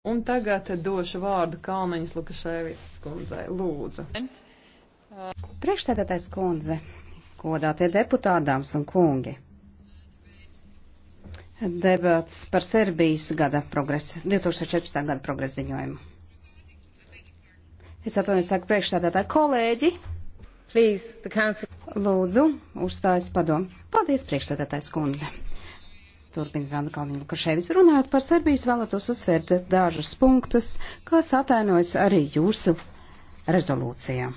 Un tagad došu vārdu Kalniņas Lukaševicas kundzei. Lūdzu. Priekšstādātais kundze, godātie deputādāms un kungi. Debats par Serbijas gada progresu, 2014. gada progresu ziņojumu. Es atvainojos, saku priekšstādātāji kolēģi. Please, Lūdzu, uzstājas padomu. Paldies, priekšstādātais kundze. Turpin Zana Kalniņa Lukaševis runājot par Serbijas vēlētos uzsvērt dažus punktus, kas atainojas arī jūsu rezolūcijā.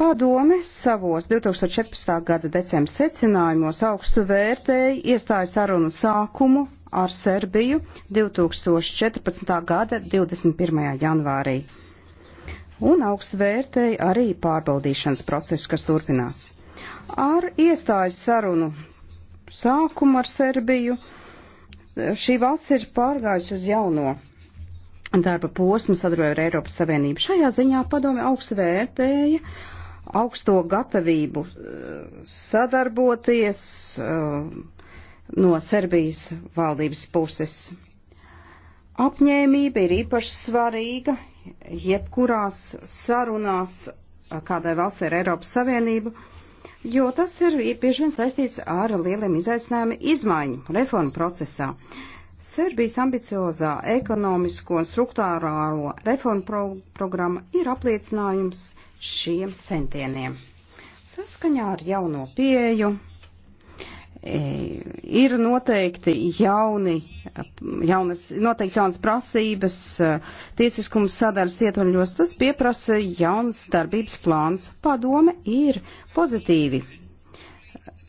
Padome savos 2014. gada decembra secinājumos augstu vērtēja iestāju sarunu sākumu ar Serbiju 2014. gada 21. janvārī. Un augstu vērtēja arī pārbaudīšanas procesu, kas turpinās. Ar iestājas sarunu sākumu ar Serbiju. Šī valsts ir pārgājusi uz jauno darba posmu sadarbībā ar Eiropas Savienību. Šajā ziņā padome augstu vērtēja augsto gatavību eh, sadarboties eh, no Serbijas valdības puses. Apņēmība ir īpaši svarīga jebkurās sarunās eh, kādai valsts ar Eiropas Savienību jo tas ir bieži vien saistīts ar lieliem izaicinājumiem izmaiņu reformu procesā. Serbijas ambiciozā ekonomisko un struktūrālo reformu pro programma ir apliecinājums šiem centieniem. Saskaņā ar jauno pieju ir noteikti jauni, jaunas, noteikti jaunas prasības, tiesiskums sadars ietvaļos, tas pieprasa jaunas darbības plāns. Padome ir pozitīvi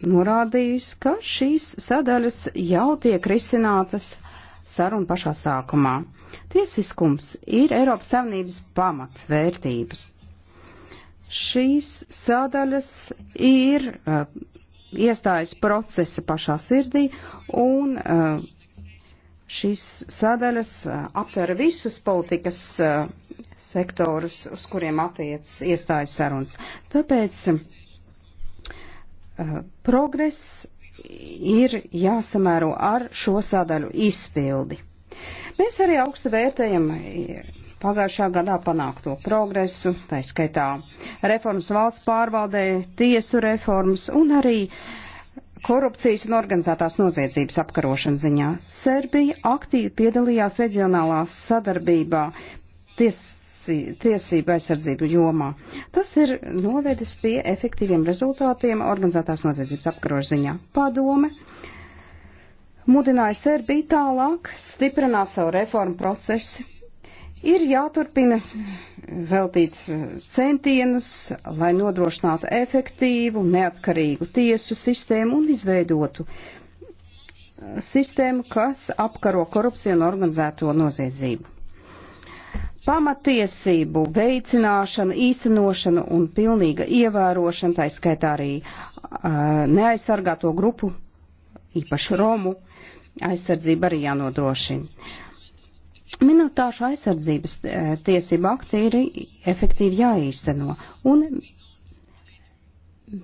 norādījusi, ka šīs sadaļas jau tiek risinātas sarunu pašā sākumā. Tiesiskums ir Eiropas Savienības pamatvērtības. Šīs sadaļas ir uh, iestājas procesa pašā sirdī, un eh, šīs sadaļas eh, aptver visus politikas eh, sektorus, uz kuriem attiec iestājas sarunas. Tāpēc progress ir jāsamēro ar šo sadaļu izpildi. Mēs arī augstu vērtējam pagājušā gadā panākto progresu, tā skaitā reformas valsts pārvaldē, tiesu reformas un arī korupcijas un organizētās noziedzības apkarošanas ziņā. Serbija aktīvi piedalījās reģionālā sadarbībā ties, tiesību aizsardzību jomā. Tas ir novedis pie efektīviem rezultātiem organizētās noziedzības apkarošanas ziņā. Padome mudināja Serbiju tālāk stiprināt savu reformu procesu Ir jāturpina veltīt centienus, lai nodrošinātu efektīvu, neatkarīgu tiesu sistēmu un izveidotu uh, sistēmu, kas apkaro korupciju un organizēto noziedzību. Pamatiesību veicināšana, īstenošana un pilnīga ievērošana, tā skaitā arī uh, neaizsargāto grupu, īpaši Romu, aizsardzība arī jānodrošina Minoritāšu aizsardzības e, tiesība akti ir efektīvi jāīsteno, un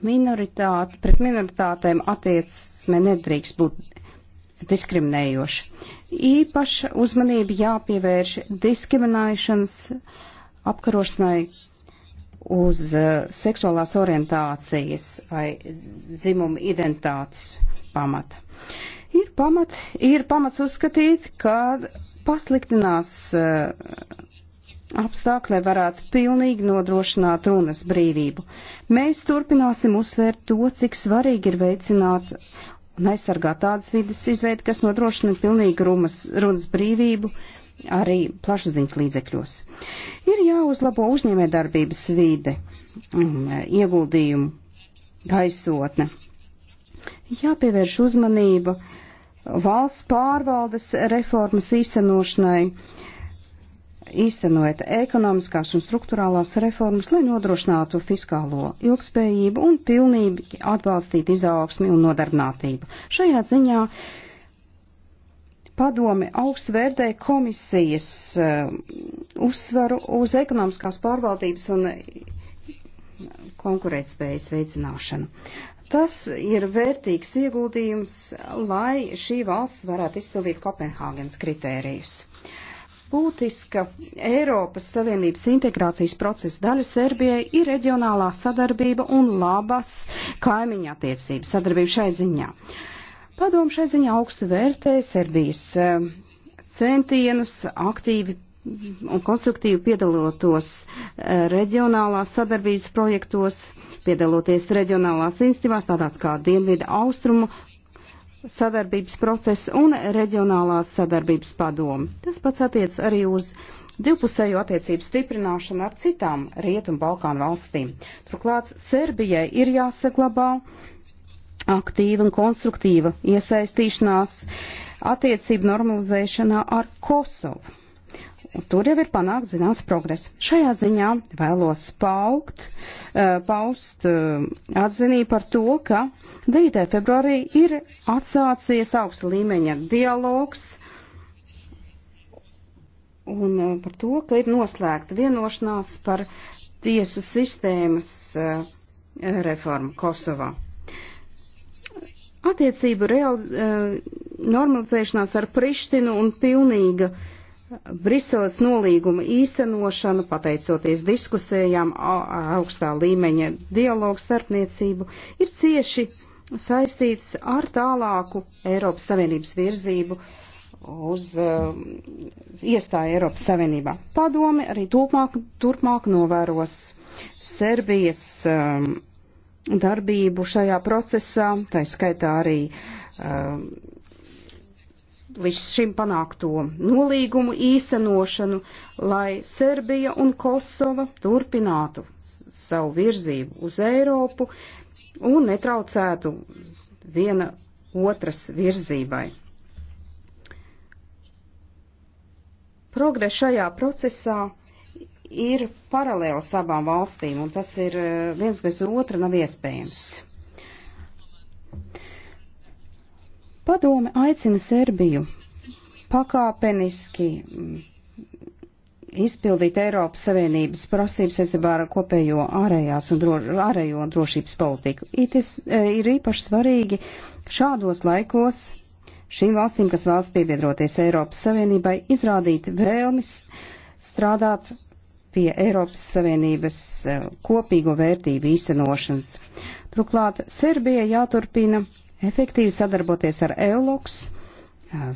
minoritāte, pret minoritātēm attieksme nedrīkst būt diskriminējoša. Īpaša uzmanība jāpievērš diskriminēšanas apkarošanai uz e, seksuālās orientācijas vai dzimuma identitātes pamata. Ir, pamat, ir pamats uzskatīt, ka pasliktinās eh, apstākļi, lai varētu pilnīgi nodrošināt runas brīvību. Mēs turpināsim uzsvērt to, cik svarīgi ir veicināt un aizsargāt tādas vidas izveidi, kas nodrošina pilnīgi rumas, runas brīvību arī plašsaziņas līdzekļos. Ir jāuzlabo uzņēmē darbības vide, eh, ieguldījumu gaisotne. Jāpievērš uzmanība uh, valsts pārvaldes reformas īstenošanai, īstenojot ekonomiskās un struktūrālās reformas, lai nodrošinātu fiskālo ilgspējību un pilnīgi atbalstītu izaugsmi un nodarbinātību. Šajā ziņā padome augstu vērtē komisijas uh, uzsvaru uz ekonomiskās pārvaldības un konkurētspējas veicināšanu. Tas ir vērtīgs ieguldījums, lai šī valsts varētu izpildīt Kopenhāgenes kritērijus. Būtiska Eiropas Savienības integrācijas procesa daļa Serbijai ir reģionālā sadarbība un labas kaimiņa attiecības sadarbība šai ziņā. Padomu šai ziņā augstu vērtē Serbijas eh, centienus aktīvi un konstruktīvi piedalotos eh, reģionālās sadarbības projektos, piedaloties reģionālās institīvās, tādās kā Dienvidu austrumu sadarbības process un reģionālās sadarbības padomu. Tas pats attiec arī uz divpusēju attiecību stiprināšanu ar citām Rietumu Balkānu valstīm. Turklāt Serbijai ir jāsaglabā aktīva un konstruktīva iesaistīšanās attiecību normalizēšanā ar Kosovu Tur jau ir panākt zināms progress. Šajā ziņā vēlos paukt, eh, paust eh, atzinību par to, ka 9. februārī ir atsācies augsta līmeņa dialogs un eh, par to, ka ir noslēgta vienošanās par tiesu sistēmas reformu Kosovā. Attiecību real, normalizēšanās ar Prištinu un pilnīga uh, Briseles nolīguma īstenošanu, pateicoties diskusējām, augstā līmeņa dialogu starpniecību, ir cieši saistīts ar tālāku Eiropas Savienības virzību uz uh, iestāju Eiropas Savienībā. Padome arī turpmāk, turpmāk novēros Serbijas um, darbību šajā procesā, tā skaitā arī um, līdz šim panākto nolīgumu īstenošanu, lai Serbija un Kosova turpinātu savu virzību uz Eiropu un netraucētu viena otras virzībai. Progress šajā procesā ir paralēli savām valstīm, un tas ir eh, viens bez otra nav iespējams. Padome aicina Serbiju pakāpeniski mm, izpildīt Eiropas Savienības prasības saistībā ar kopējo ārējās un droš, ārējo un drošības politiku. Itis, e, ir īpaši svarīgi šādos laikos šīm valstīm, kas vēlas piebiedroties Eiropas Savienībai, izrādīt vēlmis strādāt pie Eiropas Savienības e, kopīgo vērtību īstenošanas. Turklāt Serbija jāturpina efektīvi sadarboties ar EULOX,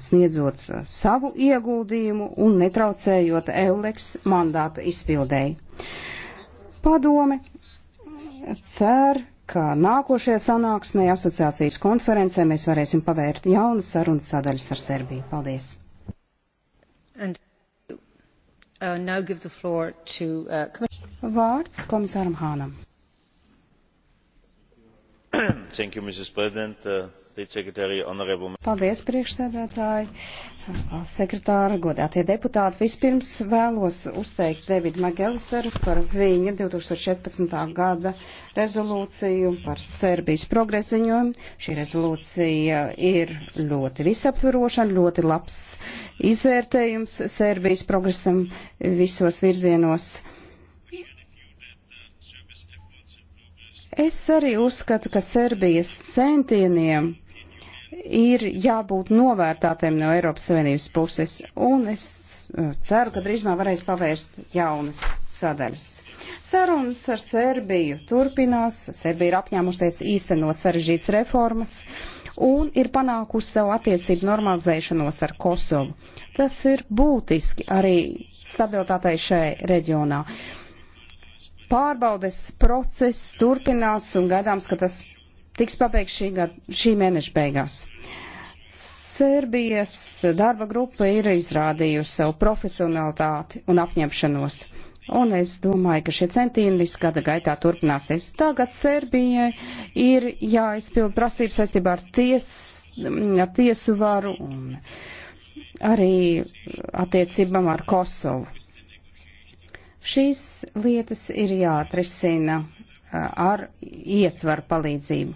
sniedzot savu ieguldījumu un netraucējot EULEX mandāta izpildēji. Padome cer, ka nākošajā sanāksmē asociācijas konferencē mēs varēsim pavērt jaunas sarunas sadaļas ar Serbiju. Paldies! And, uh, to, uh, Vārds komisāram Hānam. Uh, Paldies, priekšsēdētāji, uh, sekretāra, godātie deputāti. Vispirms vēlos uzteikt Davidu Magelisteru par viņa 2014. gada rezolūciju par Serbijas progresiņojumu. Šī rezolūcija ir ļoti visaptveroša, ļoti labs izvērtējums Serbijas progresam visos virzienos. Es arī uzskatu, ka Serbijas centieniem ir jābūt novērtātiem no Eiropas Savienības puses, un es uh, ceru, ka drīzumā varēs pavērst jaunas sadaļas. Sarunas ar Serbiju turpinās, Serbija ir apņēmusies īstenot sarežģītas reformas un ir panākusi savu attiecību normalizēšanos ar Kosovu. Tas ir būtiski arī stabilitātei šajā reģionā. Uh, pārbaudes process turpinās un gaidāms, ka tas tiks pabeigts šī, gada, šī mēneša beigās. Serbijas darba grupa ir izrādījusi savu profesionalitāti un apņemšanos. Un es domāju, ka šie centieni visu gada gaitā turpināsies. Tagad Serbijai ir jāizpild prasības saistībā ar, ties, ar tiesu varu un arī attiecībām ar Kosovu Šīs lietas ir jāatrisina ar ietvaru palīdzību.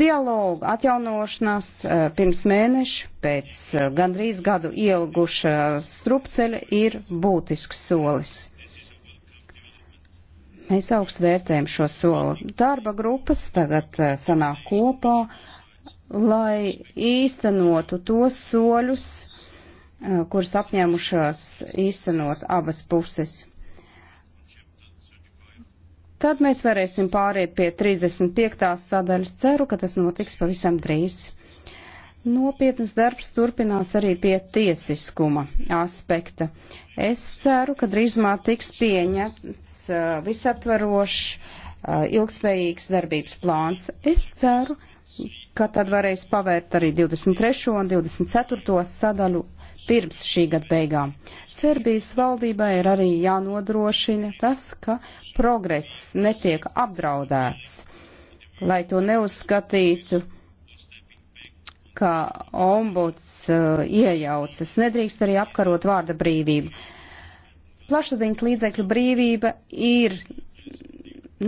Dialogu atjaunošanās pirms mēneša pēc gandrīz gadu ilguša strupceļa ir būtisks solis. Mēs augstu vērtējam šo soli. Darba grupas tagad sanāk kopā, lai īstenotu tos soļus, kurus apņēmušās īstenot abas puses. Tad mēs varēsim pāriet pie 35. sadaļas. Ceru, ka tas notiks pavisam drīz. Nopietnas darbs turpinās arī pie tiesiskuma aspekta. Es ceru, ka drīzumā tiks pieņemts uh, visaptvarošs, uh, ilgspējīgs darbības plāns. Es ceru, ka tad varēs pavērt arī 23. un 24. sadaļu pirms šī gada beigām. Serbijas valdībai ir arī jānodrošina tas, ka progress netiek apdraudēts, lai to neuzskatītu, ka ombuds uh, iejaucas. Nedrīkst arī apkarot vārda brīvību. Plašsaziņas līdzekļu brīvība ir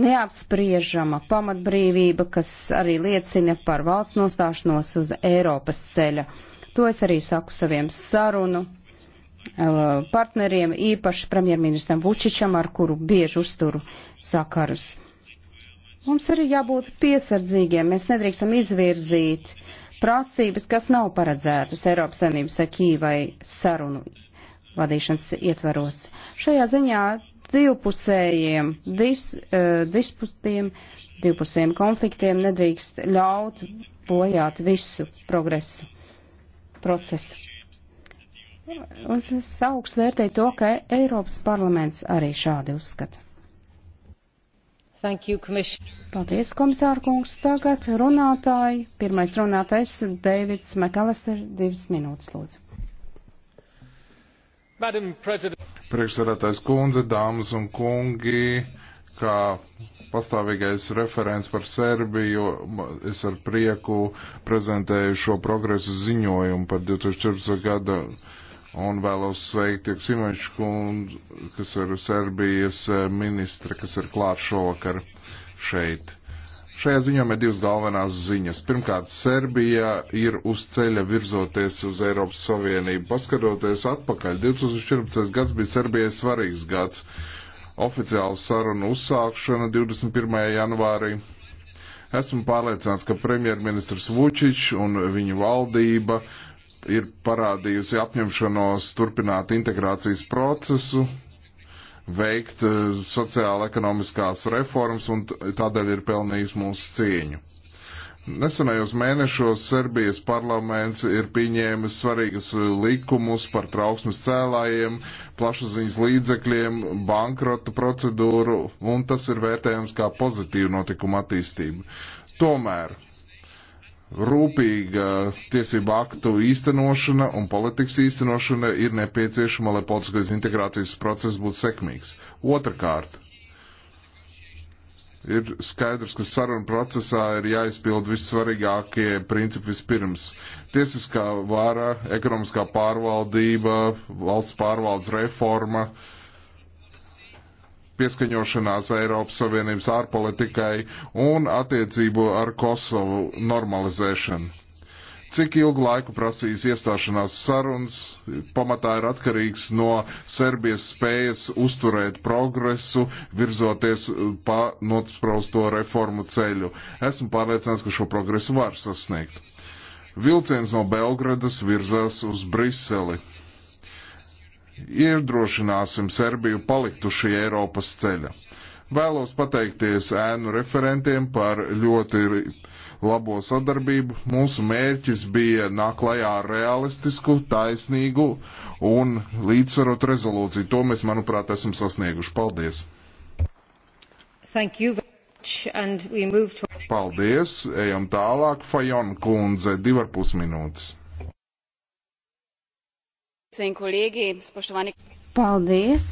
neapspriežama pamatbrīvība, kas arī liecina par valsts nostāšanos uz Eiropas ceļa. To es arī saku saviem sarunu partneriem, īpaši premjerministram Vučičam, ar kuru bieži uzturu sakarus. Mums arī jābūt piesardzīgiem, mēs nedrīkstam izvirzīt prasības, kas nav paredzētas Eiropas Savienības akī vai sarunu vadīšanas ietvaros. Šajā ziņā divpusējiem dis, uh, disputiem, divpusējiem konfliktiem nedrīkst ļaut bojāt visu progresu procesu. Uz es augstu vērtēju to, ka Eiropas parlaments arī šādi uzskata. Thank you, Paldies, komisāra kungs. Tagad runātāji. Pirmais runātais - Deivids Makalister, divas minūtes, lūdzu. Priekšsēdētājs kundze, dāmas un kungi, kā pastāvīgais referents par Serbiju, es ar prieku prezentēju šo progresu ziņojumu par 2014. gadu Un vēlos sveikt Joksimoviču kundzi, kas ir Serbijas eh, ministra, kas ir klāt šovakar šeit. Šajā ziņā ir divas galvenās ziņas. Pirmkārt, Serbija ir uz ceļa virzoties uz Eiropas Savienību. Paskatoties atpakaļ, 2014. gads bija Serbijai svarīgs gads. Oficiāla saruna uzsākšana 21. janvārī. Esmu pārliecināts, ka premjerministrs Vučičs un viņa valdība uh, ir parādījusi apņemšanos turpināt integrācijas procesu, veikt eh, sociāla-ekonomiskās reformas un tādēļ ir pelnījis mūsu cieņu. Nesenajos mēnešos Serbijas parlaments ir pieņēmis svarīgus eh, likumus par trauksmes cēlājiem, plašsaziņas līdzekļiem, bankrota procedūru, un tas ir vērtējams kā pozitīva notikuma attīstība. Tomēr rūpīga tiesību aktu īstenošana un politikas īstenošana ir nepieciešama, lai politiskais integrācijas process būtu sekmīgs. Otrakārt, ir skaidrs, ka saruna procesā ir jāizpild vissvarīgākie principi vispirms. Tiesiskā vara, ekonomiskā pārvaldība, valsts pārvaldes reforma, uh, pieskaņošanās Eiropas Savienības ārpolitikai un attiecību ar Kosovu normalizēšanu. Cik ilgu laiku prasīs iestāšanās sarunas, pamatā ir atkarīgs no Serbijas spējas uzturēt progresu, virzoties pa notspraustu reformu ceļu. Esmu pārliecināts, ka šo progresu var sasniegt. Vilciens no Belgradas virzās uz Briseli iedrošināsim Serbiju palikt uz šī Eiropas ceļa. Vēlos pateikties ēnu referentiem par ļoti labo sadarbību. Mūsu mērķis bija nāk lajā ar realistisku, taisnīgu un līdzsvarot rezolūciju. To mēs, manuprāt, esam sasnieguši. Paldies! To... Paldies! Ejam tālāk. Fajon kundze, divarpus minūtes. Paldies,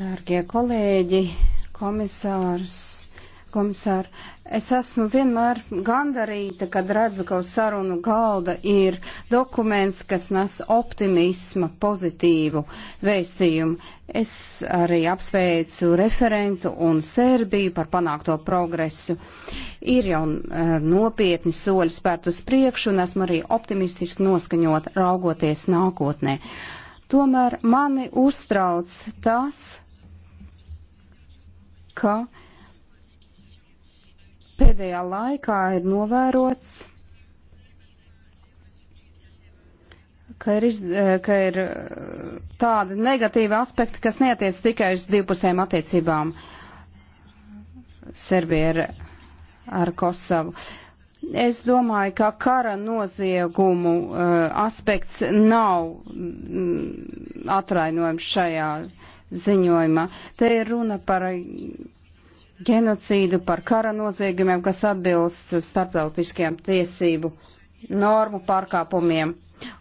dārgie kolēģi, komisārs komisāri, es esmu vienmēr gandarīta, kad redzu, ka uz sarunu galda ir dokuments, kas nes optimisma, pozitīvu vēstījumu. Es arī apsveicu referentu un Sērbiju par panākto progresu. Ir jau eh, nopietni soļi spērt uz priekšu un esmu arī optimistiski noskaņot raugoties nākotnē. Tomēr mani uztrauc tas, ka Pēdējā laikā ir novērots, ka ir, iz, eh, ka ir eh, tādi negatīvi aspekti, kas neatiec tikai uz divpusējām attiecībām Serbija ar, ar Kosovu. Es domāju, ka kara noziegumu uh, aspekts nav mm, atrainojams šajā ziņojumā. Te ir runa par genocīdu, par kara noziegumiem, kas atbilst starptautiskiem tiesību normu pārkāpumiem.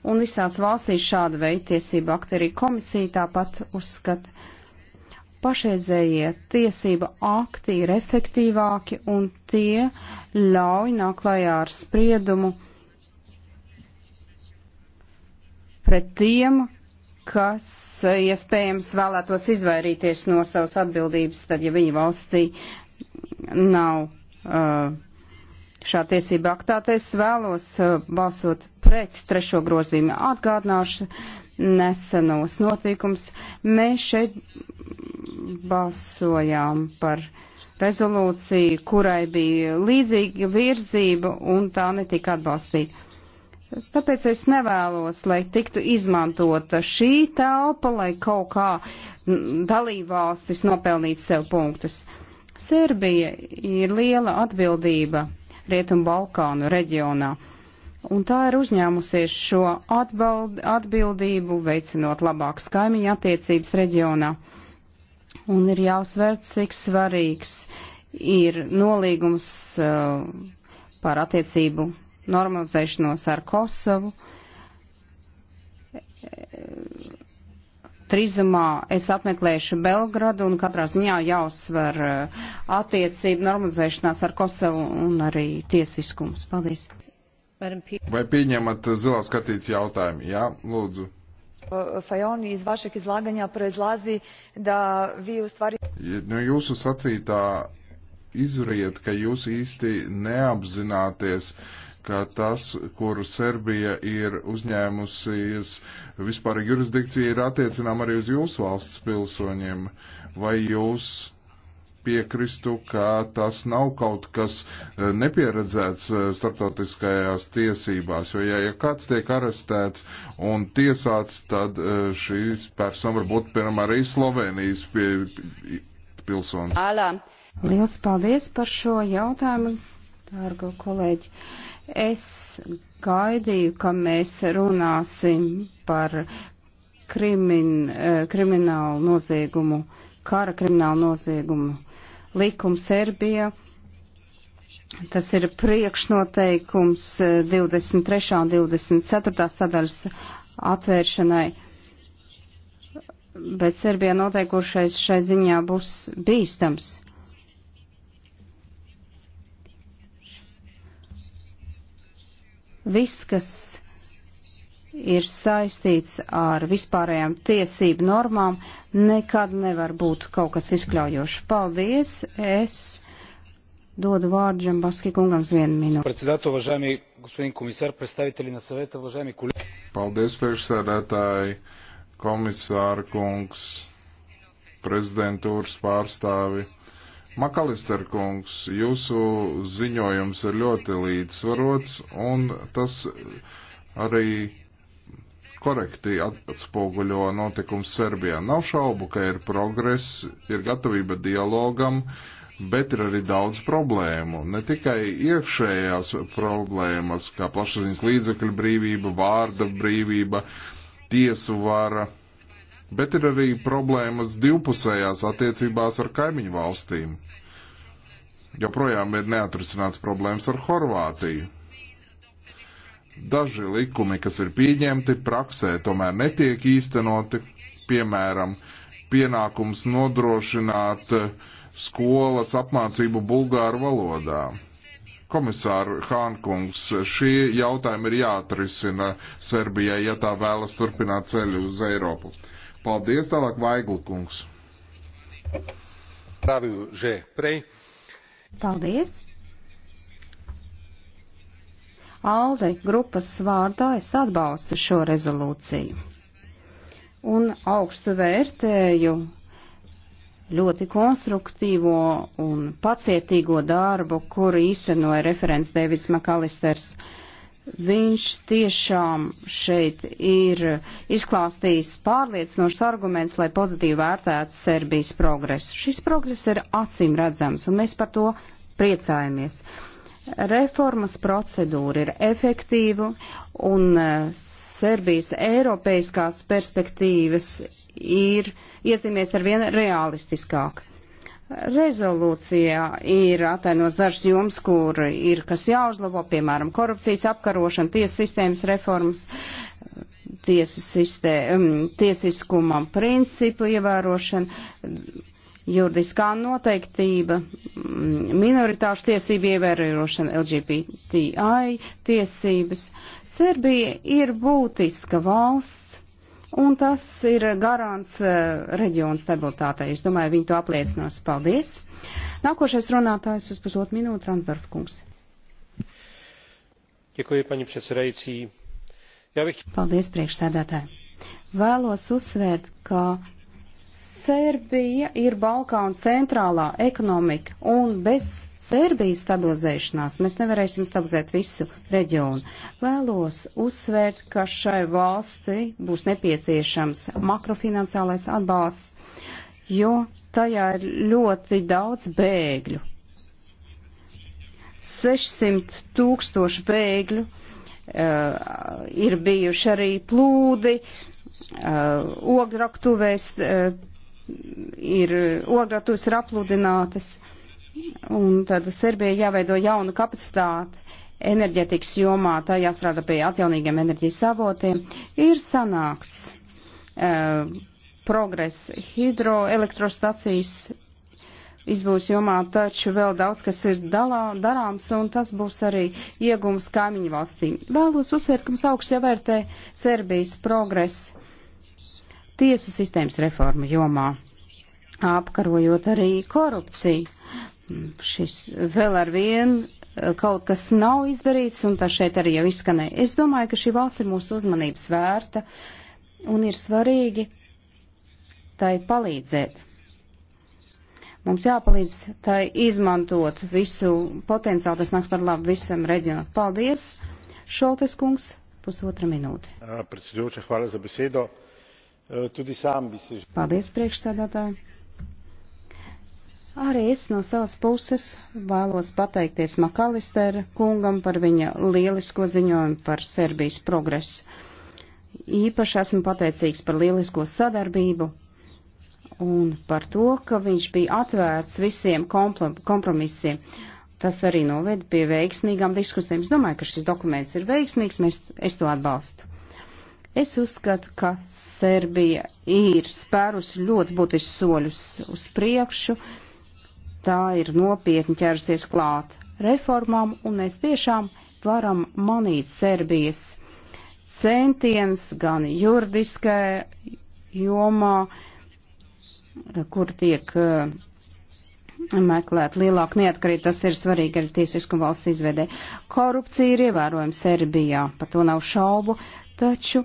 Un visās valstīs šāda veida tiesību akti arī komisija tāpat uzskata. Pašreizējie tiesība akti ir efektīvāki un tie ļauj nāklājā ar spriedumu pret tiem, kas eh, iespējams vēlētos izvairīties no savas atbildības, tad, ja viņa valstī nav eh, šā tiesība aktā, tad es vēlos eh, balsot pret trešo grozīmu. Atgādināšu nesenos notikums. Mēs šeit balsojām par rezolūciju, kurai bija līdzīga virzība un tā netika atbalstīta Tāpēc es nevēlos, lai tiktu izmantota šī telpa, lai kaut kā dalībvalstis nopelnītu sev punktus. Serbija ir liela atbildība Rietumu Balkānu reģionā, un tā ir uzņēmusies šo atbald, atbildību, veicinot labākas kaimiņa attiecības reģionā. Un ir jāuzsver, cik svarīgs ir nolīgums uh, par attiecību normalizēšanos ar Kosovu. Trīzumā es apmeklēšu Belgradu un katrā ziņā jāuzsver eh, attiecību normalizēšanās ar Kosovu un arī tiesiskums. Paldies. Vai pieņemat zilā skatīts jautājumu? Jā, lūdzu. Fajon, iz vašeg izlaganja proizlazi da vi u stvari... No nu, jūsu sacītā izriet, ka jūs īsti neapzināties uh, ka tas, kuru Serbija ir uzņēmusies vispār jurisdikcija, ir attiecinām arī uz jūsu valsts pilsoņiem. Vai jūs piekristu, ka tas nav kaut kas eh, nepieredzēts eh, starptautiskajās tiesībās, jo ja, ja kāds tiek arestēts un tiesāts, tad eh, šīs persona var būt, piemēram, arī Slovenijas pie, pilsonis. Liels paldies par šo jautājumu, dārgo kolēģi. Es gaidīju, ka mēs runāsim par krimin, eh, kriminālu noziegumu, kara kriminālu noziegumu likumu Serbijā. Tas ir priekšnoteikums 23. Eh, un 24. sadaļas atvēršanai, bet Serbijā noteikušais šai ziņā būs bīstams. Viss, kas ir saistīts ar vispārējām tiesību normām, nekad nevar būt kaut kas izkļaujošs. Paldies! Es доду вард Джамбаски кунгам с вен минут. Председател, уважаеми господин комисар, представители на съвета, уважаеми колеги. Paldies, priekšsēdētāji, komisāra kungs, prezidentūras pārstāvi. Makalister kungs, jūsu ziņojums ir ļoti līdzsvarots un tas arī korekti atspoguļo notikums Serbijā. Nav šaubu, ka ir progress, ir gatavība dialogam, bet ir arī daudz problēmu. Ne tikai iekšējās problēmas, kā plašsaziņas līdzekļu brīvība, vārda brīvība, tiesu vara bet ir arī problēmas divpusējās attiecībās ar kaimiņu valstīm. Joprojām ir neatrisināts problēmas ar Horvātiju. Daži likumi, kas ir pieņemti praksē, tomēr netiek īstenoti, piemēram, pienākums nodrošināt skolas apmācību bulgāru valodā komisāru Hānkungs, šie jautājumi ir jāatrisina Serbijai, ja tā vēlas turpināt ceļu uz Eiropu. Paldies, tālāk Vaiglkungs. Paldies. Alde grupas vārdā es atbalstu šo rezolūciju un augstu vērtēju ļoti konstruktīvo un pacietīgo darbu, kuru īstenoja referents Deivids Makalisters. Uh, Viņš tiešām šeit ir izklāstījis pārliecinošs arguments, lai pozitīvi vērtētu Serbijas progresu. Šis progress ir acīm redzams, un mēs par to priecājamies. Reformas procedūra ir efektīva, un e, Serbijas eiropeiskās perspektīvas ir iezīmies ar vien realistiskāk. Rezolūcijā ir attainos dažas jomas, kur ir kas jāuzlabo, piemēram, korupcijas apkarošana, tiesas sistēmas reformas, tiesu sistē, um, tiesiskuma principu ievērošana, juridiskā noteiktība, mm, minoritāšu tiesību ievērošana, LGBTI tiesības. Serbija ir būtiska valsts un tas ir garants eh, reģiona stabilitātei. Es domāju, viņi to apliecinās. Paldies! Nākošais runātājs uz pusotru minūtu Ransdorf kungs. Děkuji, paní předsedající. Já bych... Paldies, priekšsēdētāji. Vēlos uzsvērt, ka Serbija ir Balkāna centrālā ekonomika un bez Serbijas stabilizēšanās mēs nevarēsim stabilizēt visu reģionu. Vēlos uzsvērt, ka šai valsti būs nepieciešams makrofinansālais atbalsts, jo tajā ir ļoti daudz bēgļu. 600 tūkstoši bēgļu uh, ir bijuši arī plūdi, uh, ograktuvēs uh, ir, ograktuvēs ir aplūdinātas. Uh, Un tad Serbija jāveido jaunu kapacitāti enerģetikas jomā, tā jāstrādā pie atjaunīgiem enerģijas avotiem. Ir sanākts uh, e, progress hidroelektrostacijas izbūs jomā, taču vēl daudz, kas ir dalā, darāms, un tas būs arī iegums kaimiņu valstīm. Vēlos uzsvērt, ka mums augsts jāvērtē Serbijas progress tiesu sistēmas reforma jomā, apkarojot arī korupciju šis vēl ar vienu eh, kaut kas nav izdarīts, un tā šeit arī jau izskanēja. Es domāju, ka šī valsts ir mūsu uzmanības vērta, un ir svarīgi tai palīdzēt. Mums jāpalīdz tai izmantot visu potenciālu, tas nāks par labu visam reģionam. Paldies, Šoltes kungs, pusotra minūte. Paldies, priekšsēdētāji. Arī es no savas puses vēlos pateikties Makalister kungam par viņa lielisko ziņojumu par Serbijas progresu. Īpaši esmu pateicīgs par lielisko sadarbību un par to, ka viņš bija atvērts visiem kompromisiem. Tas arī noveda pie veiksmīgām diskusijām. Es domāju, ka šis dokuments ir veiksmīgs, mēs, es to atbalstu. Es uzskatu, ka Serbija ir spērusi ļoti būtisks soļus uz priekšu tā ir nopietni ķerusies klāt reformām, un mēs tiešām varam manīt Serbijas centiens gan juridiskajā jomā, kur tiek uh, meklēt lielāku neatkarību, tas ir svarīgi arī tiesisku valsts izvedē. Korupcija ir ievērojama Serbijā, par to nav šaubu, taču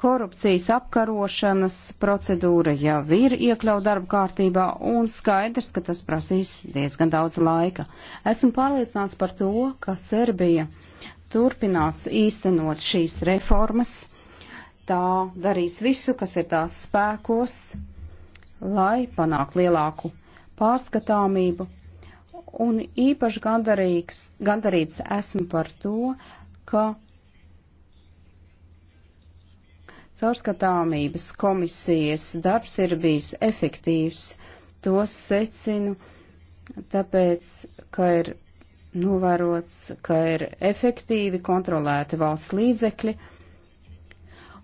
Korupcijas apkarošanas procedūra jau ir iekļaut darba kārtībā un skaidrs, ka tas prasīs diezgan daudz laika. Esmu pārliecināts par to, ka Serbija turpinās īstenot šīs reformas. Tā darīs visu, kas ir tās spēkos, lai panāktu lielāku pārskatāmību. Un īpaši gandarīgs, gandarīts esmu par to, ka Caurskatāmības komisijas darbs ir bijis efektīvs, to secinu, tāpēc, ka ir novērots, ka ir efektīvi kontrolēti valsts līdzekļi,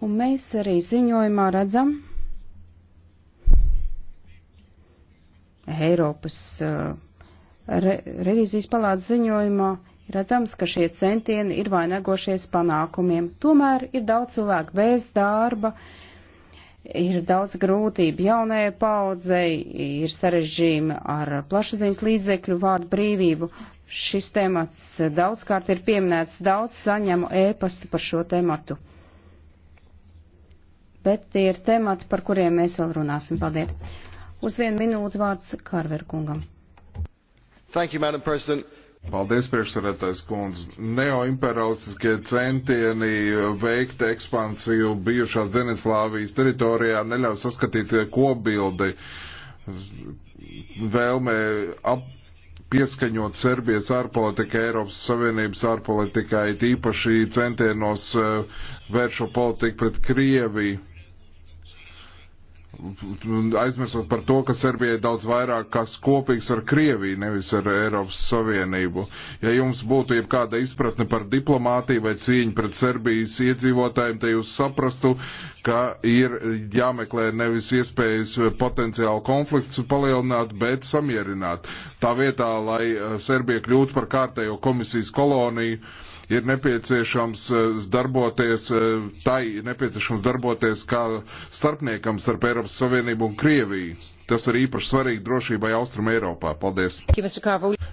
un mēs arī ziņojumā redzam, Eiropas uh, re, revīzijas palātas ziņojumā Redzams, ka šie centieni ir vainagošies panākumiem. Tomēr ir daudz cilvēku bez darba, ir daudz grūtību jaunajai paudzei, ir sarežģījumi ar plašsaziņas līdzekļu vārdu brīvību. Šis temats daudzkārt ir pieminēts, daudz saņemu ēpastu par šo tematu. Bet tie ir temati, par kuriem mēs vēl runāsim. Paldies! Uz vienu minūtu vārds Karverkungam. Thank you, Madam President. Paldies, priekšsarētais kundze. Neoimperialistiskie centieni veikt ekspansiju bijušās Denislāvijas teritorijā neļauj saskatīt kobildi vēlmē ap, pieskaņot Serbijas ārpolitika Eiropas Savienības ārpolitikai, tīpaši centienos eh, vēršo politiku pret Krieviju aizmirstot par to, ka Serbijai daudz vairāk kas kopīgs ar Krieviju, nevis ar Eiropas Savienību. Ja jums būtu jebkāda izpratne par diplomātiju vai cīņu pret Serbijas iedzīvotājiem, te jūs saprastu, ka ir jāmeklē nevis iespējas potenciālu konfliktu palielināt, bet samierināt. Tā vietā, lai eh, Serbija kļūtu par kārtējo komisijas koloniju, uh, ir nepieciešams eh, darboties, eh, tai nepieciešams darboties kā starpniekam starp Eiropas Savienību un Krieviju. Tas ir īpaši svarīgi drošībai Austrum Eiropā. Paldies.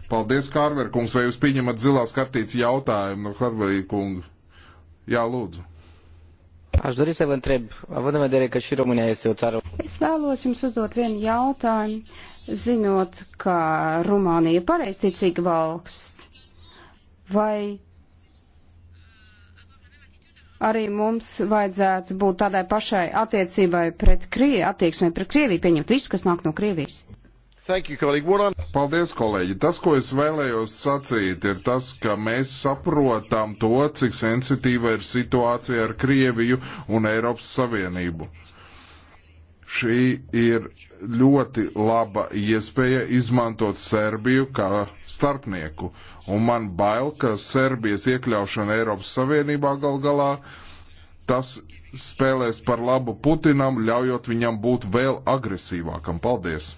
Paldies, Kārver kungs, vai jūs pieņemat zilās kartītes jautājumu no Harvarī kunga? Jā, lūdzu. Aș dori să vă întreb, având în vedere că și România este o țară... Es vēlos jums uzdot vienu jautājumu, zinot, ka Rumānija pareizticīga valsts. Vai arī mums vajadzētu būt tādai pašai attiecībai pret Krieviju, attieksmei pret Krieviju, pieņemt visu, kas nāk no Krievijas. You, Paldies, kolēģi. Tas, ko es vēlējos sacīt, ir tas, ka mēs saprotam to, cik sensitīva ir situācija ar Krieviju un Eiropas Savienību šī ir ļoti laba iespēja izmantot Serbiju kā starpnieku. Un man bail, ka Serbijas iekļaušana Eiropas Savienībā gal galā tas spēlēs par labu Putinam, ļaujot viņam būt vēl agresīvākam. Paldies!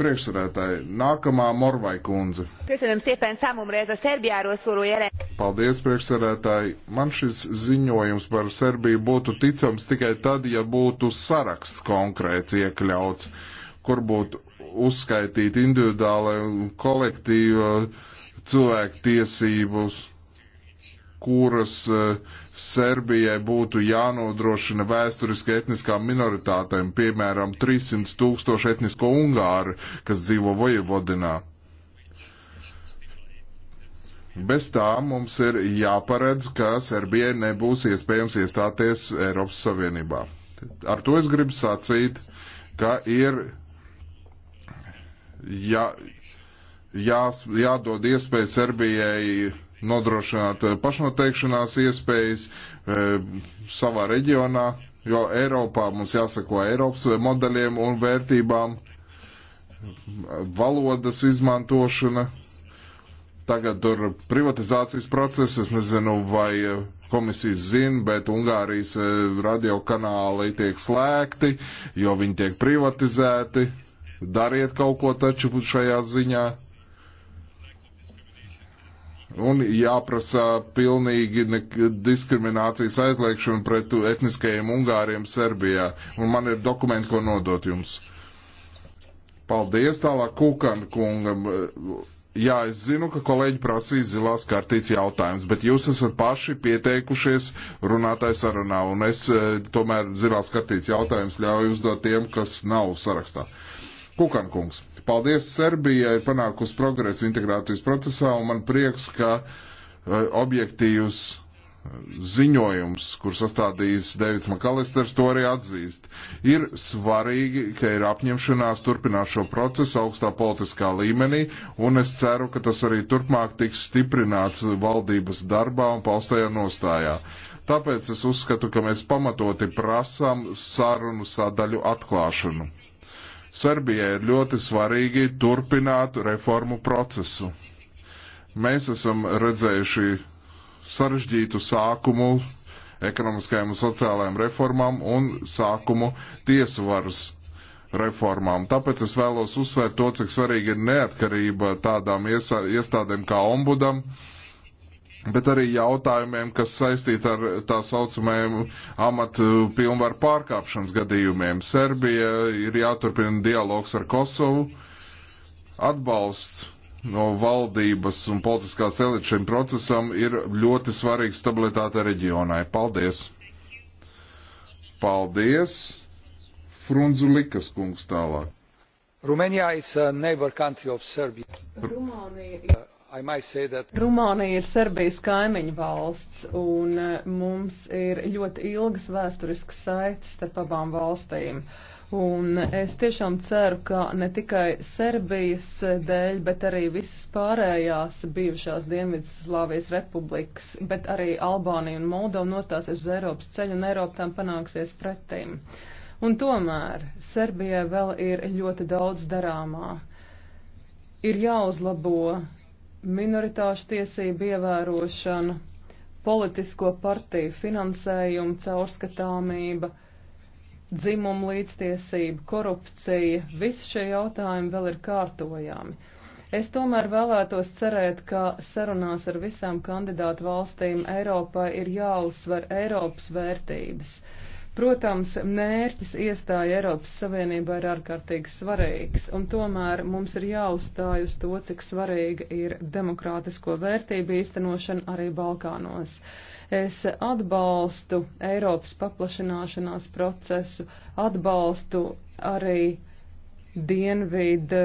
Priekšsarētāji, nākamā Morvai kundze. Köszönöm szépen számomra ez a Szerbiáról szóló jelent. Paldies, priekšsarētāji. Man šis ziņojums par Serbiju būtu ticams tikai tad, ja būtu saraksts konkrēts iekļauts, kur būtu uzskaitīti individuālai un kolektīva cilvēku tiesības, kuras eh, Serbijai būtu jānodrošina vēsturiski etniskām minoritātēm, piemēram, 300 tūkstoši etnisko ungāri, kas dzīvo Vojvodinā. Bez tā mums ir jāparedz, ka Serbijai nebūs iespējams iestāties Eiropas Savienībā. Ar to es gribu sacīt, ka ir jā, jā, jādod iespēju Serbijai nodrošināt pašnoteikšanās iespējas e, savā reģionā, jo Eiropā mums jāsako Eiropas modeļiem un vērtībām, valodas izmantošana Tagad tur privatizācijas process, es nezinu, vai eh, komisijas zina, bet Ungārijas eh, radiokanāli tiek slēgti, jo viņi tiek privatizēti. Dariet kaut ko taču šajā ziņā. Un jāprasa pilnīgi diskriminācijas aizliekšana pret etniskajiem Ungāriem Serbijā. Un man ir dokumenti, ko nodot jums. Paldies tālāk Kūkan kungam. Jā, es zinu, ka kolēģi prasīja zilās kartītes jautājums, bet jūs esat paši pieteikušies runātāju sarunā, un es eh, tomēr zilās kartītes jautājums ļauju uzdot tiem, kas nav sarakstā. Kukankungs, paldies Serbijai, panākus progresu integrācijas procesā, un man prieks, ka eh, objektīvs ziņojums, kur sastādījis Dēvids Makalisters, to arī atzīst. Ir svarīgi, ka ir apņemšanās turpināt šo procesu augstā politiskā līmenī, un es ceru, ka tas arī turpmāk tiks stiprināts valdības darbā un paustajā nostājā. Tāpēc es uzskatu, ka mēs pamatoti prasām sarunu sadaļu atklāšanu. Serbijai ir ļoti svarīgi turpināt reformu procesu. Mēs esam redzējuši sarežģītu sākumu ekonomiskajām un sociālajām reformām un sākumu tiesvaras reformām. Tāpēc es vēlos uzsvērt to, cik svarīga ir neatkarība tādām iestādēm kā ombudam, bet arī jautājumiem, kas saistīti ar tā saucamajiem amatu uh, pilnvaru pārkāpšanas gadījumiem. Serbija ir jāturpina dialogs ar Kosovu, atbalsts no valdības un politiskās elites šim procesam ir ļoti svarīga stabilitāte reģionai. Paldies! Paldies! Frunzulikas kungs tālāk. Rumānija is a neighbor country of Serbia. Rumānija ir. Rumānija ir Serbijas kaimiņu valsts, un eh, mums ir ļoti ilgas vēsturiskas saites starp abām valstīm. Uh, Un es tiešām ceru, ka ne tikai Serbijas dēļ, bet arī visas pārējās bijušās Dienvidslāvijas republikas, bet arī Albānija un Moldova nostāsies uz Eiropas ceļu un Eiropa tam panāksies pretīm. Un tomēr Serbijai vēl ir ļoti daudz darāmā. Ir jāuzlabo minoritāšu tiesību ievērošana, politisko partiju finansējumu caurskatāmība dzimumu līdztiesība, korupcija, visi šie jautājumi vēl ir kārtojami. Es tomēr vēlētos cerēt, ka sarunās ar visām kandidātu valstīm Eiropai ir jāuzsver Eiropas vērtības. Protams, mērķis iestāja Eiropas Savienībā ir ārkārtīgi svarīgs, un tomēr mums ir jāuzstāj uz to, cik svarīga ir demokrātisko vērtību īstenošana arī Balkānos. Uh, Es atbalstu Eiropas paplašanāšanās procesu, atbalstu arī dienvidu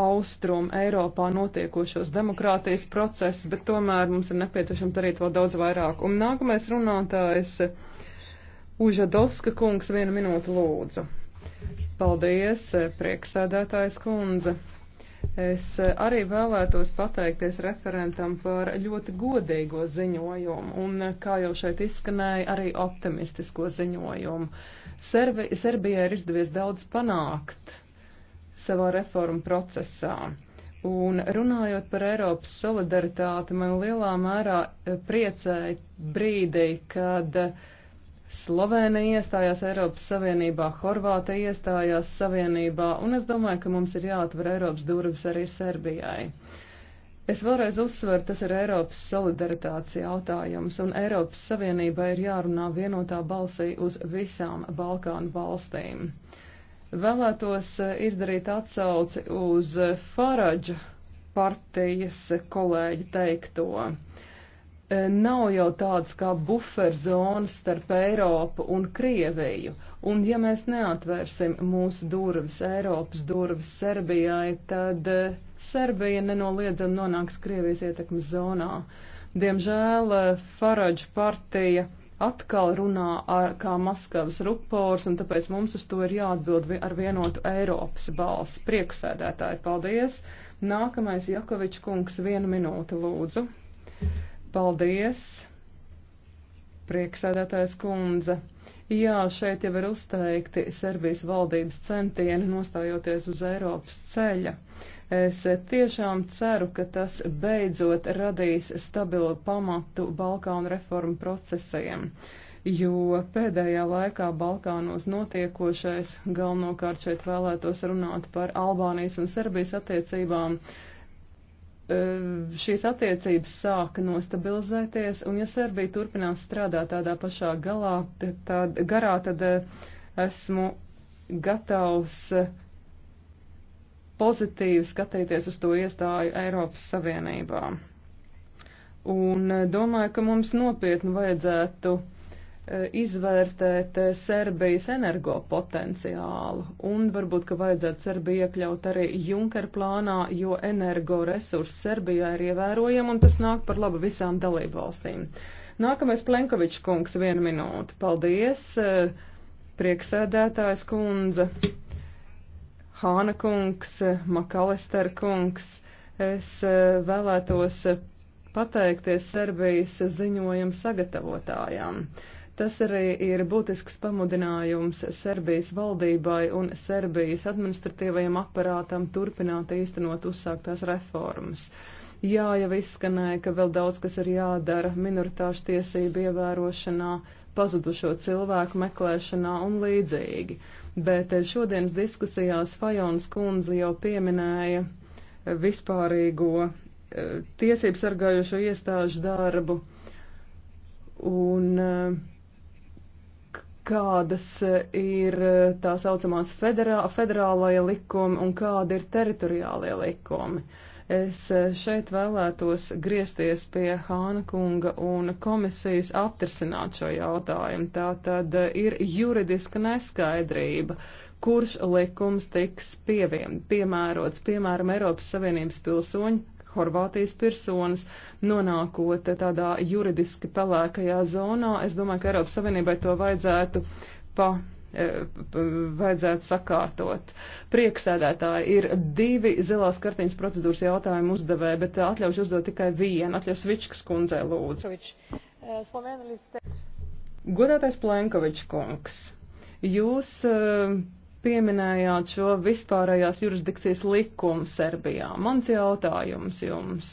austrumu Eiropā notiekošos demokrātijas procesus, bet tomēr mums ir nepieciešams darīt vēl daudz vairāk. Un nākamais runātājs Užadovska kungs, vienu minūtu lūdzu. Paldies, prieksēdētājs kundze. Es arī vēlētos pateikties referentam par ļoti godīgo ziņojumu un, kā jau šeit izskanēja, arī optimistisko ziņojumu. Servi, Serbijai ir izdevies daudz panākt savā reformu procesā. Un runājot par Eiropas solidaritāti, man lielā mērā priecēja brīdī, kad uh, Slovēnija iestājās Eiropas Savienībā, Horvātija iestājās Savienībā, un es domāju, ka mums ir jāatver Eiropas durvis arī Serbijai. Es vēlreiz uzsveru, tas ir Eiropas solidaritātes jautājums, un Eiropas Savienībai ir jārunā vienotā balsī uz visām Balkānu valstīm. Vēlētos eh, izdarīt atsauci uz Faradža partijas kolēģi teikto. Uh, E, nav jau tādas kā buferzonas starp Eiropu un Krieviju. Un ja mēs neatvērsim mūsu durvis, Eiropas durvis Serbijai, tad e, Serbija nenoliedzami nonāks Krievijas ietekmes zonā. Diemžēl e, Faradža partija atkal runā ar, kā Maskavas rupors, un tāpēc mums uz to ir jāatbild ar vienotu Eiropas balsi. Prieksēdētāji, paldies! Nākamais Jakovičs kungs, vienu minūti lūdzu. Thank you. Paldies, prieksēdētājs kundze. Jā, šeit jau ir uzteikti Serbijas valdības centieni nostājoties uz Eiropas ceļa. Es tiešām ceru, ka tas beidzot radīs stabilu pamatu Balkānu reformu procesiem, jo pēdējā laikā Balkānos notiekošais galvenokārt šeit vēlētos runāt par Albānijas un Serbijas attiecībām. Uh, E, šīs attiecības sāka nostabilizēties, un ja Serbija turpinās strādāt tādā pašā galā, tad, garā, tad e, esmu gatavs e, pozitīvi skatīties uz to iestāju Eiropas Savienībā. Un domāju, ka mums nopietni vajadzētu uh, Eh, izvērtēt eh, Serbijas energopotenciālu. Un varbūt, ka vajadzētu Serbiju iekļaut arī Junker plānā, jo energoresursi Serbijā ir ievērojami un tas nāk par labu visām dalību valstīm. Nākamais Plenkovičs kungs, viena minūte. Paldies, eh, prieksēdētājs kundze, Hāna kungs, Makalester kungs. Es vēlētos pateikties Serbijas ziņojuma sagatavotājām. Tas arī ir būtisks pamudinājums Serbijas valdībai un Serbijas administratīvajam aparātam turpināt īstenot uzsāktās reformas. Jā, jau izskanēja, ka vēl daudz kas ir jādara minoritāšu tiesību ievērošanā, pazudušo cilvēku meklēšanā un līdzīgi. Bet šodienas diskusijās Fajons kundze jau pieminēja vispārīgo eh, tiesību sargājošo iestāžu darbu. Un uh, kādas eh, ir eh, tā saucamās federā, federālajie likumi un kādi ir teritoriālajie likumi. Es eh, šeit vēlētos griezties pie Hāna kunga un komisijas aptrasināt šo jautājumu. Tā tad ir juridiska neskaidrība, kurš likums tiks pievien, piemērots, piemēram, Eiropas Savienības pilsoņu Horvātijas personas, nonākot tādā juridiski pelēkajā zonā. Es domāju, ka Eiropas Savienībai to vajadzētu pa e, vajadzētu sakārtot. Prieksēdētāji ir divi zilās kartiņas procedūras jautājumu uzdevēji, bet atļaušu uzdot tikai vienu. Atļaušu Vičkas kundzei lūdzu. Godātais Plenkovičs kungs, jūs e, pieminējāt šo vispārējās jurisdikcijas likumu Serbijā. Mans jautājums jums.